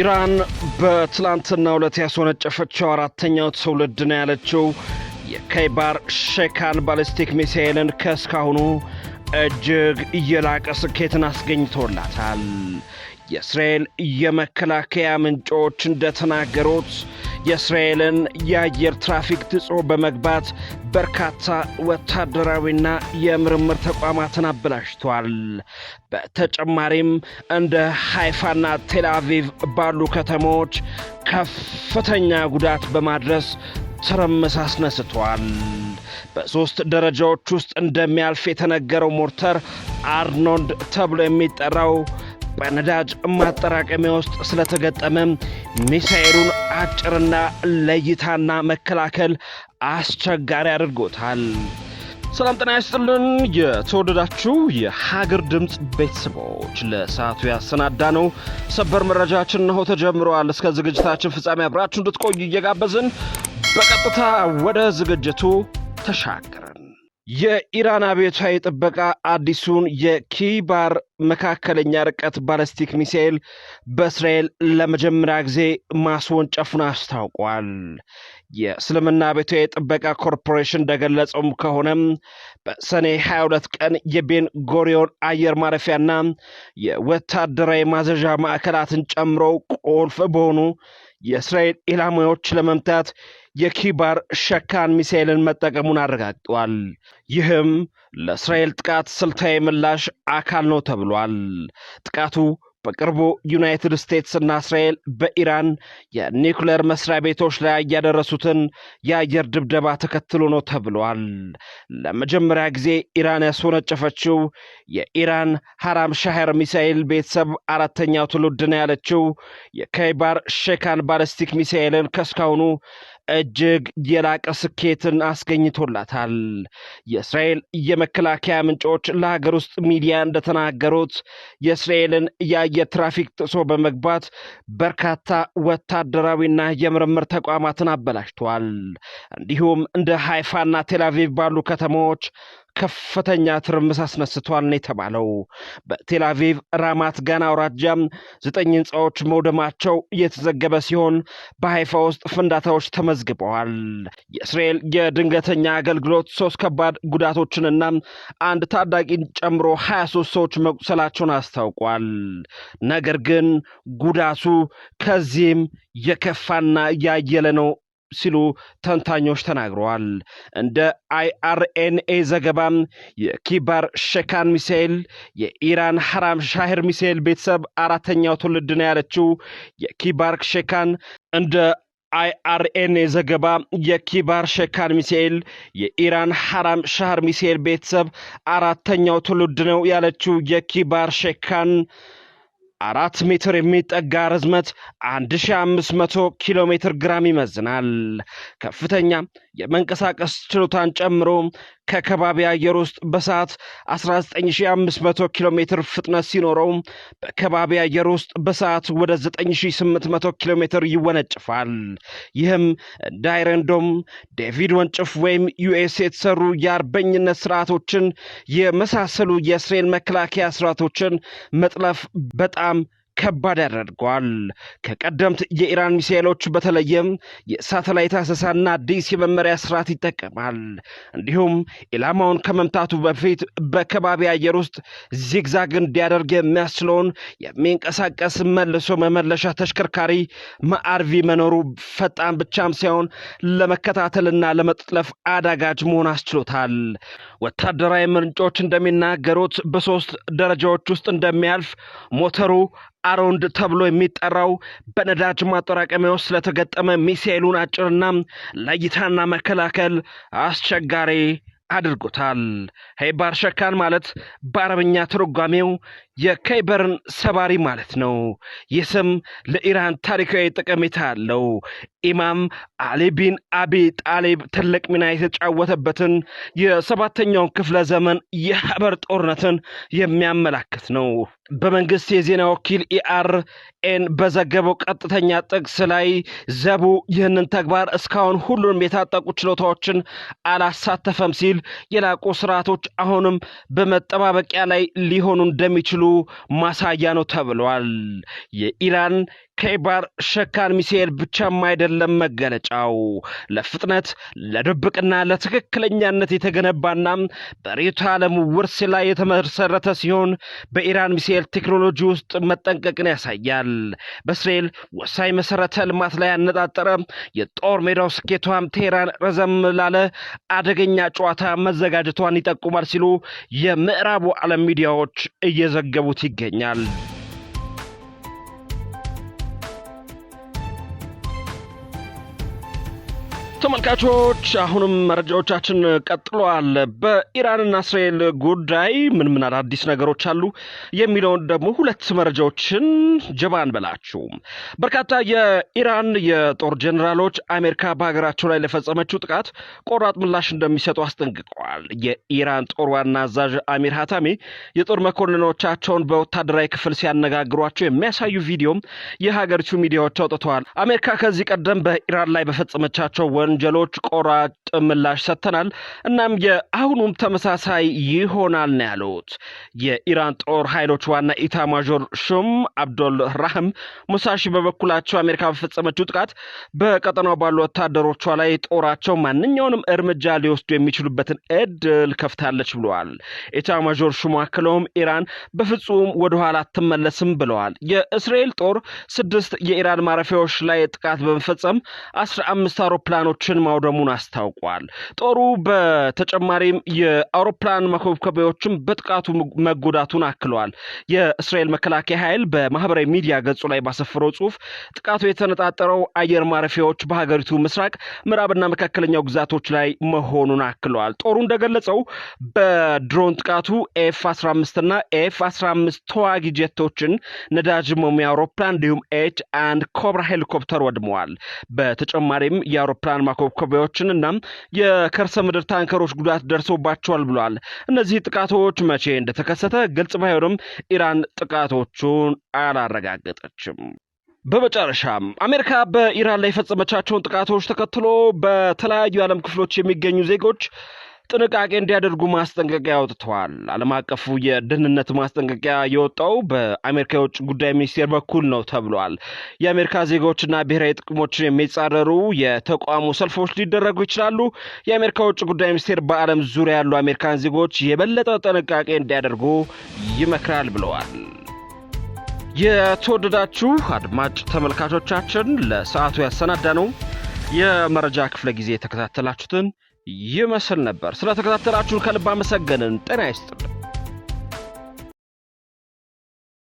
ኢራን በትላንትና ዕለት ያስወነጨፈችው አራተኛው ትውልድ ነው ያለችው የከይባር ሼካን ባሊስቲክ ሚሳኤልን ከእስካሁኑ እጅግ እየላቀ ስኬትን አስገኝቶላታል። የእስራኤል የመከላከያ ምንጮች እንደተናገሩት የእስራኤልን የአየር ትራፊክ ትጾ በመግባት በርካታ ወታደራዊና የምርምር ተቋማትን አበላሽቷል። በተጨማሪም እንደ ሃይፋና ቴልአቪቭ ባሉ ከተሞች ከፍተኛ ጉዳት በማድረስ ትርምስ አስነስቷል። በሦስት ደረጃዎች ውስጥ እንደሚያልፍ የተነገረው ሞርተር አርኖልድ ተብሎ የሚጠራው በነዳጅ ማጠራቀሚያ ውስጥ ስለተገጠመ ሚሳኤሉን አጭርና ለእይታና መከላከል አስቸጋሪ አድርጎታል። ሰላም ጤና ይስጥልን። የተወደዳችሁ የሀገር ድምፅ ቤተሰቦች ለሰዓቱ ያሰናዳ ነው ሰበር መረጃችን እነሆ ተጀምረዋል። እስከ ዝግጅታችን ፍጻሜ አብራችሁ እንድትቆዩ እየጋበዝን በቀጥታ ወደ ዝግጅቱ ተሻገር የኢራን አብዮታዊ ጥበቃ አዲሱን የኪባር መካከለኛ ርቀት ባለስቲክ ሚሳኤል በእስራኤል ለመጀመሪያ ጊዜ ማስወንጨፉን አስታውቋል። የእስልምና አብዮታዊ ጥበቃ ኮርፖሬሽን እንደገለጸውም ከሆነም በሰኔ 22 ቀን የቤን ጎሪዮን አየር ማረፊያና የወታደራዊ ማዘዣ ማዕከላትን ጨምሮ ቁልፍ በሆኑ የእስራኤል ኢላማዎች ለመምታት የኪባር ሸካን ሚሳኤልን መጠቀሙን አረጋግጧል። ይህም ለእስራኤል ጥቃት ስልታዊ ምላሽ አካል ነው ተብሏል። ጥቃቱ በቅርቡ ዩናይትድ ስቴትስ እና እስራኤል በኢራን የኒውክሌር መስሪያ ቤቶች ላይ እያደረሱትን የአየር ድብደባ ተከትሎ ነው ተብሏል። ለመጀመሪያ ጊዜ ኢራን ያስወነጨፈችው የኢራን ሐራም ሻሄር ሚሳኤል ቤተሰብ አራተኛው ትውልድ ነው ያለችው የከይባር ሼካን ባለስቲክ ሚሳኤልን ከስካሁኑ እጅግ የላቀ ስኬትን አስገኝቶላታል። የእስራኤል የመከላከያ ምንጮች ለሀገር ውስጥ ሚዲያ እንደተናገሩት የእስራኤልን የአየር ትራፊክ ጥሶ በመግባት በርካታ ወታደራዊና የምርምር ተቋማትን አበላሽቷል። እንዲሁም እንደ ሃይፋና ቴላቪቭ ባሉ ከተሞች ከፍተኛ ትርምስ አስነስቷል ነው የተባለው። በቴልአቪቭ ራማት ጋና አውራጃም ዘጠኝ ህንፃዎች መውደማቸው እየተዘገበ ሲሆን በሀይፋ ውስጥ ፍንዳታዎች ተመዝግበዋል። የእስራኤል የድንገተኛ አገልግሎት ሶስት ከባድ ጉዳቶችንና አንድ ታዳጊን ጨምሮ 23 ሰዎች መቁሰላቸውን አስታውቋል። ነገር ግን ጉዳቱ ከዚህም የከፋና እያየለ ነው ሲሉ ተንታኞች ተናግረዋል። እንደ አይአርኤንኤ ዘገባም የኪባር ሸካን ሚሳኤል የኢራን ሐራም ሻሄር ሚሳኤል ቤተሰብ አራተኛው ትውልድ ነው ያለችው የኪባር ሸካን እንደ አይአርኤንኤ ዘገባ የኪባር ሸካን ሚሳኤል የኢራን ሐራም ሻህር ሚሳኤል ቤተሰብ አራተኛው ትውልድ ነው ያለችው የኪባር ሸካን አራት ሜትር የሚጠጋ ርዝመት 1500 ኪሎ ሜትር ግራም ይመዝናል። ከፍተኛ የመንቀሳቀስ ችሎታን ጨምሮ ከከባቢ አየር ውስጥ በሰዓት 19500 ኪሎ ሜትር ፍጥነት ሲኖረው በከባቢ አየር ውስጥ በሰዓት ወደ 9800 ኪሎ ሜትር ይወነጭፋል። ይህም እንደ አይረንዶም፣ ዴቪድ ወንጭፍ ወይም ዩኤስ የተሰሩ የአርበኝነት ስርዓቶችን የመሳሰሉ የእስራኤል መከላከያ ስርዓቶችን መጥለፍ በጣም ከባድ ያደርገዋል። ከቀደምት የኢራን ሚሳኤሎች በተለየም የሳተላይት አሰሳና አዲስ የመመሪያ ስርዓት ይጠቀማል። እንዲሁም ኢላማውን ከመምታቱ በፊት በከባቢ አየር ውስጥ ዚግዛግ እንዲያደርግ የሚያስችለውን የሚንቀሳቀስ መልሶ መመለሻ ተሽከርካሪ ማአርቪ መኖሩ ፈጣን ብቻም ሳይሆን ለመከታተልና ለመጥለፍ አዳጋጅ መሆን አስችሎታል። ወታደራዊ ምንጮች እንደሚናገሩት በሶስት ደረጃዎች ውስጥ እንደሚያልፍ ሞተሩ አሮንድ ተብሎ የሚጠራው በነዳጅ ማጠራቀሚያ ውስጥ ስለተገጠመ ሚሳኤሉን አጭርና ለእይታና መከላከል አስቸጋሪ አድርጎታል። ሄባር ሸካን ማለት በአረብኛ ትርጓሜው የከይበርን ሰባሪ ማለት ነው። ይህ ስም ለኢራን ታሪካዊ ጠቀሜታ አለው። ኢማም አሊ ቢን አቢ ጣሊብ ትልቅ ሚና የተጫወተበትን የሰባተኛውን ክፍለ ዘመን የሀበር ጦርነትን የሚያመላክት ነው። በመንግስት የዜና ወኪል ኢአር ኤን በዘገበው ቀጥተኛ ጥቅስ ላይ ዘቡ ይህንን ተግባር እስካሁን ሁሉንም የታጠቁ ችሎታዎችን አላሳተፈም ሲል የላቁ ስርዓቶች አሁንም በመጠባበቂያ ላይ ሊሆኑ እንደሚችሉ ማሳያ ነው ተብሏል። የኢራን ከኤባር ሸካን ሚሳኤል ብቻም አይደለም መገለጫው። ለፍጥነት ለድብቅና ለትክክለኛነት የተገነባና በሬቱ ዓለም ውርስ ላይ የተመሰረተ ሲሆን በኢራን ሚሳኤል ቴክኖሎጂ ውስጥ መጠንቀቅን ያሳያል። በእስራኤል ወሳኝ መሰረተ ልማት ላይ ያነጣጠረ የጦር ሜዳው ስኬቷም ቴህራን ረዘም ላለ አደገኛ ጨዋታ መዘጋጀቷን ይጠቁማል ሲሉ የምዕራቡ ዓለም ሚዲያዎች እየዘገቡት ይገኛል። ተመልካቾች አሁንም መረጃዎቻችን ቀጥለዋል። በኢራንና እስራኤል ጉዳይ ምን ምን አዳዲስ ነገሮች አሉ የሚለውን ደግሞ ሁለት መረጃዎችን ጀባን በላችሁ። በርካታ የኢራን የጦር ጀኔራሎች አሜሪካ በሀገራቸው ላይ ለፈጸመችው ጥቃት ቆራጥ ምላሽ እንደሚሰጡ አስጠንቅቀዋል። የኢራን ጦር ዋና አዛዥ አሚር ሀታሚ የጦር መኮንኖቻቸውን በወታደራዊ ክፍል ሲያነጋግሯቸው የሚያሳዩ ቪዲዮም የሀገሪቱ ሚዲያዎች አውጥተዋል። አሜሪካ ከዚህ ቀደም በኢራን ላይ በፈጸመቻቸው ወንጀ ወንጀሎች ቆራጥ ምላሽ ሰጥተናል። እናም የአሁኑም ተመሳሳይ ይሆናል ነው ያሉት። የኢራን ጦር ኃይሎች ዋና ኢታ ማዦር ሹም አብዶል ራህም ሙሳሺ በበኩላቸው አሜሪካ በፈጸመችው ጥቃት በቀጠናው ባሉ ወታደሮቿ ላይ ጦራቸው ማንኛውንም እርምጃ ሊወስዱ የሚችሉበትን እድል ከፍታለች ብለዋል። ማዦር ሹም አክለውም ኢራን በፍጹም ወደኋላ አትመለስም ብለዋል። የእስራኤል ጦር ስድስት የኢራን ማረፊያዎች ላይ ጥቃት በመፈጸም አስራ አምስት አውሮፕላኖችን ሰዎችን ማውደሙን አስታውቋል። ጦሩ በተጨማሪም የአውሮፕላን መኮብኮቢያዎችን በጥቃቱ መጎዳቱን አክለዋል። የእስራኤል መከላከያ ኃይል በማህበራዊ ሚዲያ ገጹ ላይ ባሰፈረው ጽሁፍ ጥቃቱ የተነጣጠረው አየር ማረፊያዎች በሀገሪቱ ምስራቅ፣ ምዕራብና መካከለኛው ግዛቶች ላይ መሆኑን አክለዋል። ጦሩ እንደገለጸው በድሮን ጥቃቱ ኤፍ 15 እና ኤፍ 15 ተዋጊ ጀቶችን፣ ነዳጅ መሙያ አውሮፕላን እንዲሁም ኤች አንድ ኮብራ ሄሊኮፕተር ወድመዋል። በተጨማሪም የአውሮፕላን ማኮብኮቢያዎችን እና የከርሰ ምድር ታንከሮች ጉዳት ደርሶባቸዋል ብሏል። እነዚህ ጥቃቶች መቼ እንደተከሰተ ግልጽ ባይሆንም ኢራን ጥቃቶቹን አላረጋገጠችም። በመጨረሻም አሜሪካ በኢራን ላይ የፈጸመቻቸውን ጥቃቶች ተከትሎ በተለያዩ የዓለም ክፍሎች የሚገኙ ዜጎች ጥንቃቄ እንዲያደርጉ ማስጠንቀቂያ አውጥተዋል። ዓለም አቀፉ የደህንነት ማስጠንቀቂያ የወጣው በአሜሪካ የውጭ ጉዳይ ሚኒስቴር በኩል ነው ተብሏል። የአሜሪካ ዜጎችና ብሔራዊ ጥቅሞችን የሚጻረሩ የተቋሙ ሰልፎች ሊደረጉ ይችላሉ። የአሜሪካ የውጭ ጉዳይ ሚኒስቴር በዓለም ዙሪያ ያሉ አሜሪካን ዜጎች የበለጠ ጥንቃቄ እንዲያደርጉ ይመክራል ብለዋል። የተወደዳችሁ አድማጭ ተመልካቾቻችን ለሰዓቱ ያሰናዳ ነው የመረጃ ክፍለ ጊዜ የተከታተላችሁትን ይመስል ነበር። ስለተከታተላችሁን ከልብ አመሰገንን። ጤና ይስጥልን።